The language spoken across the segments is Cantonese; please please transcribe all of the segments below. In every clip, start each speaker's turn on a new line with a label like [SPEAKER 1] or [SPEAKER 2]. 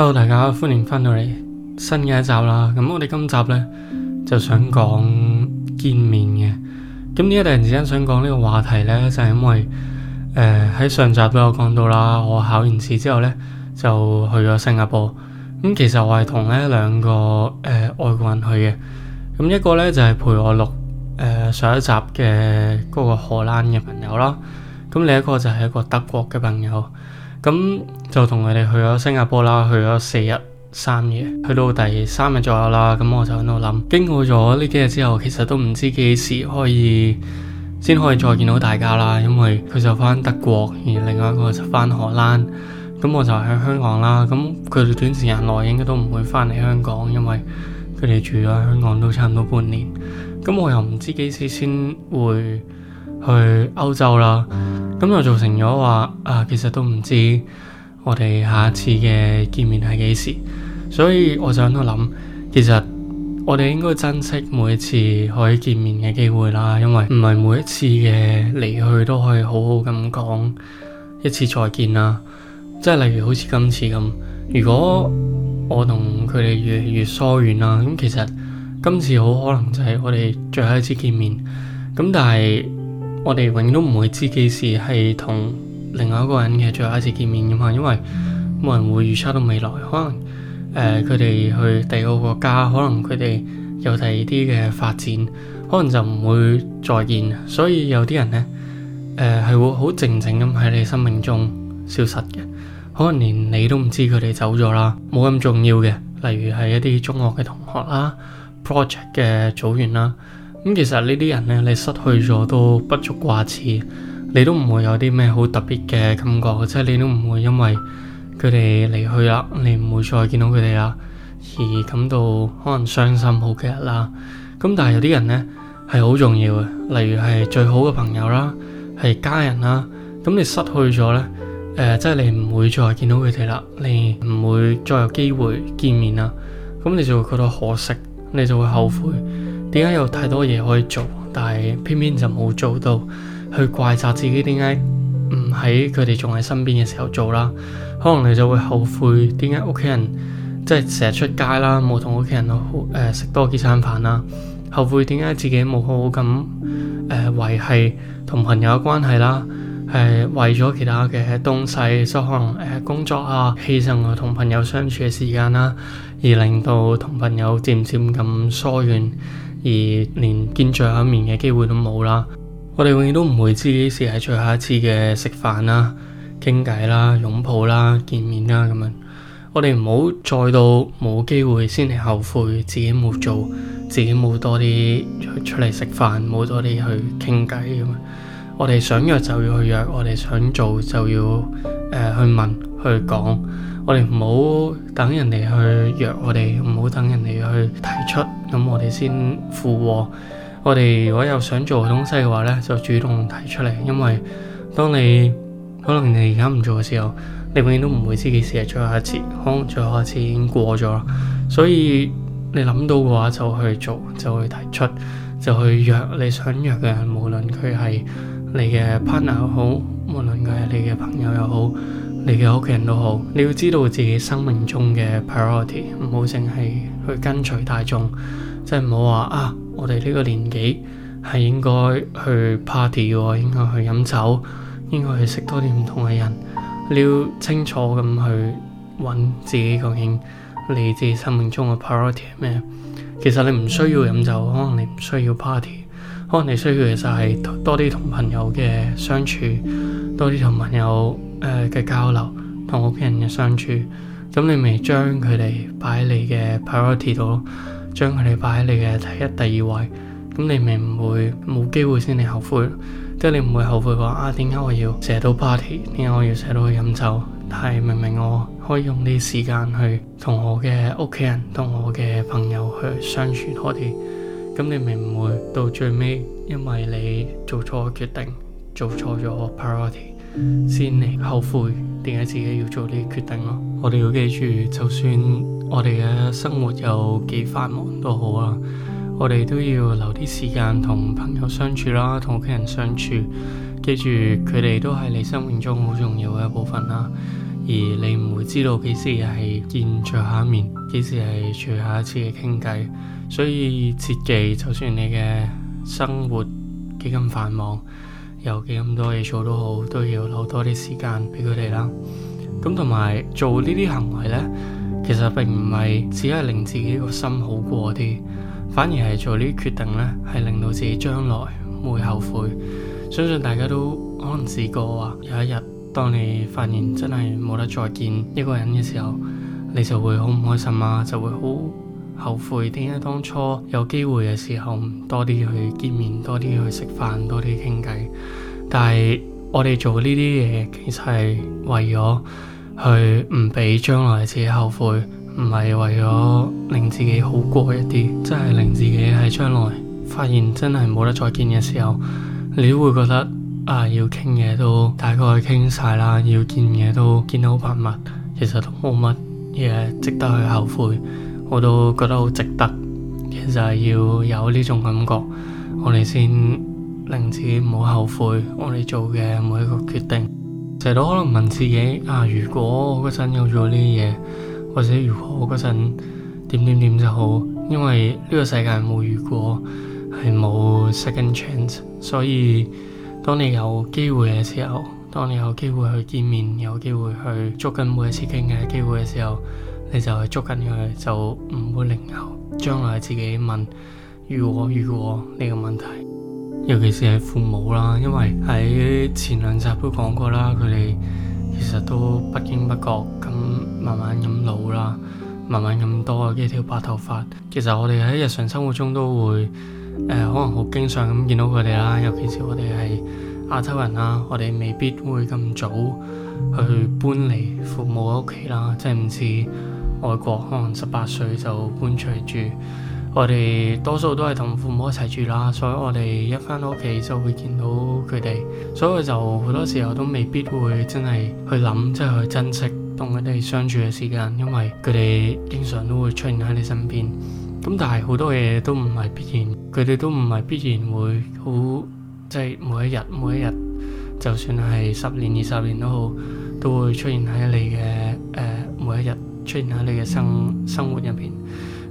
[SPEAKER 1] Hello, 大家好歡迎返到嚟新嘅一集啦。咁我哋今集呢就想講見面嘅。咁突然之間想講呢個話題呢，就係因為呃喺上集都有講到啦。我考完試之後呢就去咗新加坡。咁其實我係同呢兩個呃外國人去嘅。咁一個呢就係陪我錄呃上一集嘅嗰個荷蘭嘅朋友啦。咁另一個就係一個德國嘅朋友。咁就同佢哋去咗新加坡啦，去咗四日三夜，去到第三日左右啦，咁我就喺度諗，經過咗呢幾日之後，其實都唔知幾時可以先可以再見到大家啦，因為佢就翻德國，而另外一個就翻荷蘭，咁我就喺香港啦，咁佢哋短時間內應該都唔會翻嚟香港，因為佢哋住咗香港都差唔多半年，咁我又唔知幾時先會。去歐洲啦，咁就造成咗話啊，其實都唔知我哋下一次嘅見面係幾時，所以我就喺度諗，其實我哋應該珍惜每一次可以見面嘅機會啦，因為唔係每一次嘅離去都可以好好咁講一次再見啦，即係例如好似今次咁，如果我同佢哋越嚟越疏遠啦，咁其實今次好可能就係我哋最後一次見面，咁但係。我哋永遠都唔會知幾時係同另外一個人嘅最後一次見面噶嘛，因為冇人會預測到未來，可能誒佢哋去第二個國家，可能佢哋有第二啲嘅發展，可能就唔會再見，所以有啲人呢誒係、呃、會好靜靜咁喺你生命中消失嘅，可能連你都唔知佢哋走咗啦，冇咁重要嘅，例如係一啲中學嘅同學啦，project 嘅組員啦。咁其實呢啲人呢，你失去咗都不足掛齒，你都唔會有啲咩好特別嘅感覺，即係你都唔會因為佢哋離去啦，你唔會再見到佢哋啦而感到可能傷心好幾日啦。咁但係有啲人呢，係好重要嘅，例如係最好嘅朋友啦，係家人啦。咁你失去咗呢，呃，即係你唔會再見到佢哋啦，你唔會再有機會見面啦，咁你就會覺得可惜，你就會後悔。點解有太多嘢，可以做，但係偏偏就冇做到，去怪責自己點解唔喺佢哋仲喺身邊嘅時候做啦？可能你就會後悔，點解屋企人，即係成日出街啦，冇同屋企人誒食、呃、多幾餐飯啦？後悔點解自己冇好好咁誒維繫同朋友嘅關係啦？誒、呃、為咗其他嘅東西，所以可能誒、呃、工作啊，犧牲我同朋友相處嘅時間啦，而令到同朋友漸漸咁疏遠。而連見最後一面嘅機會都冇啦，我哋永遠都唔會知幾時係最後一次嘅食飯啦、傾偈啦、擁抱啦、見面啦咁樣。我哋唔好再到冇機會先嚟後悔自己冇做，自己冇多啲出嚟食飯，冇多啲去傾偈咁。我哋想約就要去約，我哋想做就要誒、呃、去問去講。我哋唔好等人哋去約我哋，唔好等人哋去提出咁，我哋先。符我哋，如果有想做嘅東西嘅話呢，就主動提出嚟。因為當你可能你而家唔做嘅時候，你永遠都唔會知幾時係最後一次。可能最後一次已經過咗啦，所以你諗到嘅話就去做，就去提出，就去約你想約嘅人，無論佢係你嘅 partner 好，無論佢係你嘅朋友又好，你嘅屋企人都好。你要知道自己生命中嘅 priority，唔好淨係去跟隨大眾。即係唔好話啊，我哋呢個年紀係應該去 party，應該去飲酒，應該去識多啲唔同嘅人。你要清楚咁去揾自己究竟你自己生命中嘅 priority 係咩？其實你唔需要飲酒，可能你唔需要 party，可能你需要嘅就係多啲同朋友嘅相處，多啲同朋友誒嘅交流，同屋企人嘅相處。咁你咪將佢哋擺喺你嘅 priority 度咯。將佢哋擺喺你嘅第一、第二位，咁你咪唔會冇機會先你後悔，即係你唔會後悔話啊點解我要成日都 party，點解我要成日都去飲酒？但係明明我可以用呢啲時間去同我嘅屋企人、同我嘅朋友去相處多啲，咁你咪唔會到最尾，因為你做錯決定，做錯咗 priority，先嚟後悔，點解自己要做呢個決定咯？我哋要記住，就算。我哋嘅生活有幾繁忙都好啊，我哋都要留啲時間同朋友相處啦，同屋企人相處，記住佢哋都係你生命中好重要嘅一部分啦。而你唔會知道幾時係見最後一面，幾時係最後一次嘅傾偈。所以切記，就算你嘅生活幾咁繁忙，有幾咁多嘢做都好，都要留多啲時間俾佢哋啦。咁同埋做呢啲行為呢。其實並唔係只係令自己個心好過啲，反而係做呢啲決定呢，係令到自己將來會後悔。相信大家都可能試過話，有一日當你發現真係冇得再見一個人嘅時候，你就會好唔開心啊，就會好後悔點解當初有機會嘅時候多啲去見面，多啲去食飯，多啲傾偈。但係我哋做呢啲嘢，其實係為咗。去唔俾將來自己後悔，唔係為咗令自己好過一啲，即係令自己喺將來發現真係冇得再見嘅時候，你都會覺得啊，要傾嘢都大概傾晒啦，要見嘢都見到好頻密，其實都冇乜嘢值得去後悔，我都覺得好值得。其實係要有呢種感覺，我哋先令自己冇後悔，我哋做嘅每一個決定。成日都可能問自己啊，如果我嗰陣有做呢啲嘢，或者如果我嗰陣點點點就好，因為呢個世界冇如果，係冇 second chance。所以當你有機會嘅時候，當你有機會去見面，有機會去捉緊每一次傾偈機會嘅時候，你就去捉緊佢，就唔會另後將來自己問如果如果呢個問題。尤其是係父母啦，因為喺前兩集都講過啦，佢哋其實都不經不覺咁慢慢咁老啦，慢慢咁多幾條白頭髮。其實我哋喺日常生活中都會誒、呃，可能好經常咁見到佢哋啦。尤其是我哋係亞洲人啊，我哋未必會咁早去搬離父母屋企啦，即係唔似外國可能十八歲就搬出去住。我哋多數都係同父母一齊住啦，所以我哋一翻到屋企就會見到佢哋，所以就好多時候都未必會真係去諗，即係去珍惜同佢哋相處嘅時間，因為佢哋經常都會出現喺你身邊。咁但係好多嘢都唔係必然，佢哋都唔係必然會好，即係每一日每一日，就算係十年二十年都好，都會出現喺你嘅誒每一日出現喺你嘅生生活入邊。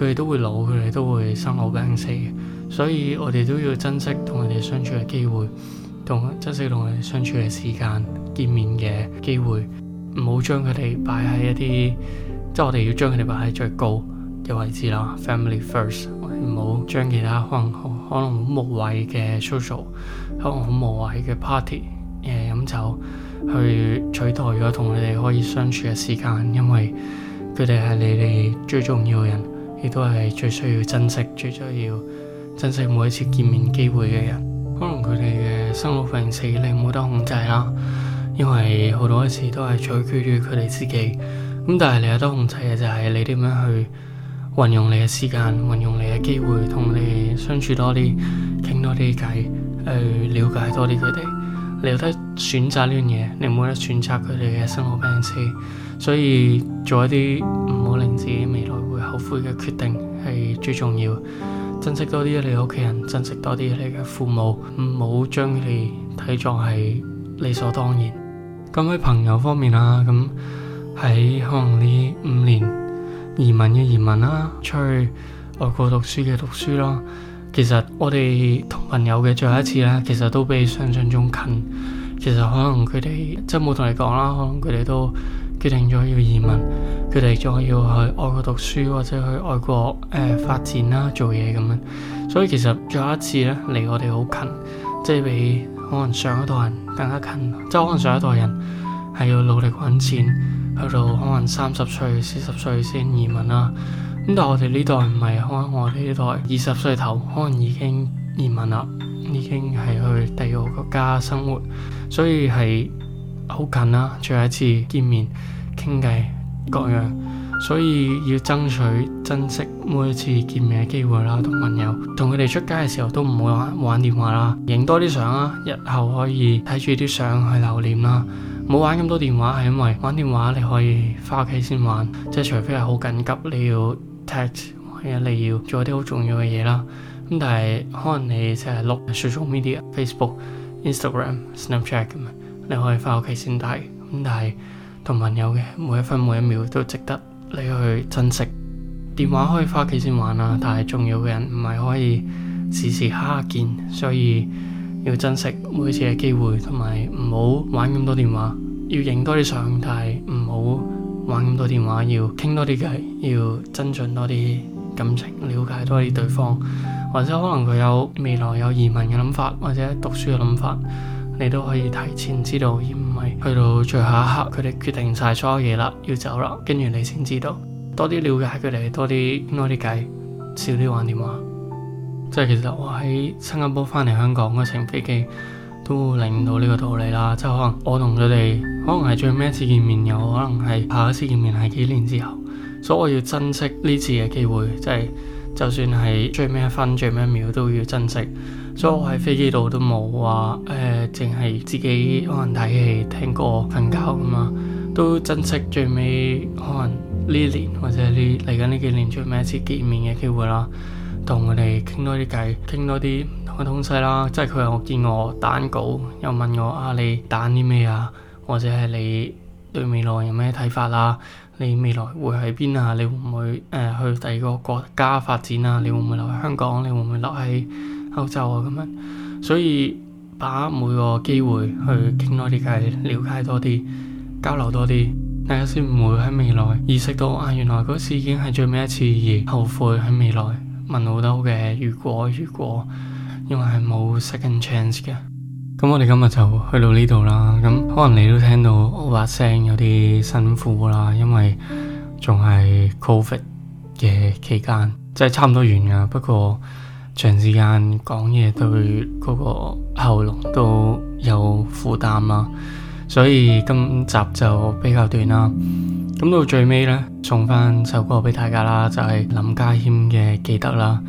[SPEAKER 1] 佢哋都會老，佢哋都會生老病死，所以我哋都要珍惜同佢哋相處嘅機會，同珍惜同佢哋相處嘅時間、見面嘅機會，唔好將佢哋擺喺一啲，即係我哋要將佢哋擺喺最高嘅位置啦。Family first，唔好將其他可能好可能好無謂嘅 social，可能好無謂嘅 party，誒飲酒去取代咗同佢哋可以相處嘅時間，因為佢哋係你哋最重要嘅人。亦都係最需要珍惜、最需要珍惜每一次見面機會嘅人。可能佢哋嘅生老病死你冇得控制啦，因為好多一次都係取決於佢哋自己。咁但係你有得控制嘅就係你點樣去運用你嘅時間、運用你嘅機會，同你相處多啲、傾多啲偈、去、呃、了解多啲佢哋。你有得選擇呢樣嘢，你冇得選擇佢哋嘅生老病死。所以做一啲……未來會後悔嘅決定係最重要，珍惜多啲你屋企人，珍惜多啲你嘅父母，唔好將佢哋睇作係理所當然。咁喺朋友方面啦，咁喺可能呢五年移民嘅移民啦，出去外國讀書嘅讀書啦，其實我哋同朋友嘅最後一次呢，其實都比想象中近。其實可能佢哋即係冇同你講啦，可能佢哋都決定咗要移民。佢哋仲要去外國讀書，或者去外國誒、呃、發展啦，做嘢咁樣。所以其實最後一次咧，離我哋好近，即係比可能上一代人更加近。即係可能上一代人係要努力揾錢，去到可能三十歲、四十歲先移民啦。咁但係我哋呢代唔係，可能我哋呢代二十歲頭可能已經移民啦，已經係去第二個國家生活，所以係好近啦。最後一次見面傾偈。各樣，所以要爭取珍惜每一次見面嘅機會啦，同朋友，同佢哋出街嘅時候都唔好玩玩電話啦，影多啲相啦，日後可以睇住啲相去留念啦。唔好玩咁多電話係因為玩電話你可以翻屋企先玩，即係除非係好緊急你要 text，或者你要做啲好重要嘅嘢啦。咁但係可能你即係碌 social media，Facebook、Instagram、Snapchat 咁，你可以翻屋企先睇，咁但係。同朋友嘅每一分每一秒都值得你去珍惜。電話可以返屋企先玩啊，但係重要嘅人唔係可以時時刻刻見，所以要珍惜每次嘅機會，同埋唔好玩咁多電話，要影多啲相，但係唔好玩咁多電話，要傾多啲偈，要增進多啲感情，了解多啲對方，或者可能佢有未來有移民嘅諗法，或者讀書嘅諗法。你都可以提前知道，而唔係去到最後一刻，佢哋決定晒所有嘢啦，要走啦，跟住你先知道。多啲了解佢哋，多啲傾多啲計，少啲玩電話。 即係其實我喺新加坡翻嚟香港嗰程飛機，都領悟到呢個道理啦。即係可能我同佢哋，可能係最尾一次見面有，有可能係下一次見面係幾年之後，所以我要珍惜呢次嘅機會。即係就算係最尾一分最尾一秒都要珍惜。所以我喺飛機度都冇話誒，淨、呃、係自己可能睇戲、聽歌、瞓覺咁啊。都珍惜最尾可能呢年或者呢嚟緊呢幾年最尾一次見面嘅機會啦，同佢哋傾多啲偈，傾多啲唔同嘅東西啦。即係佢又見我彈稿，又問我啊，你彈啲咩啊？或者係你對未來有咩睇法啊？你未來會喺邊啊？你會唔會誒、呃、去第二個國家發展啊？你會唔會留喺香港？你會唔會留喺？澳洲啊，咁樣，所以把握每個機會去傾多啲偈，了解多啲，交流多啲，大家先唔會喺未來意識到啊，原來嗰事件係最尾一次而後悔喺未來，問好多嘅，如果如果，因為係冇 second chance 嘅。咁我哋今日就去到呢度啦，咁可能你都聽到我把聲有啲辛苦啦，因為仲係 covid 嘅期間，即係差唔多完噶，不過。長時間講嘢對嗰個喉嚨都有負擔啦，所以今集就比較短啦。咁到最尾呢，送翻首歌俾大家啦，就係林家謙嘅《記得》啦。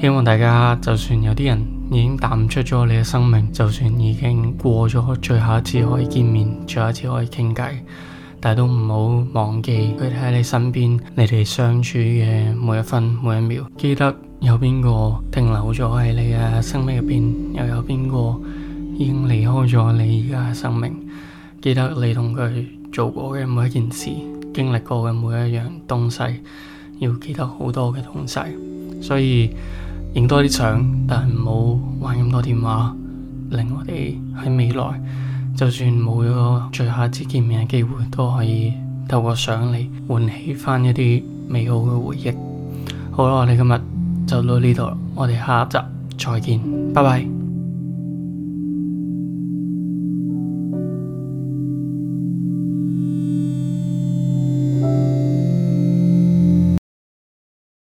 [SPEAKER 1] 希望大家就算有啲人已經淡出咗你嘅生命，就算已經過咗最後一次可以見面，最後一次可以傾偈，但係都唔好忘記佢喺你身邊，你哋相處嘅每一分每一秒，記得。有邊個停留咗喺你嘅生命入邊？又有邊個已經離開咗你而家嘅生命？記得你同佢做過嘅每一件事，經歷過嘅每一樣東西，要記得好多嘅東西。所以影多啲相，但係唔好玩咁多電話，令我哋喺未來就算冇咗最後一次見面嘅機會，都可以透過相嚟喚起翻一啲美好嘅回憶。好啦，我哋今日就到呢度啦，我哋下一集，再見，拜拜。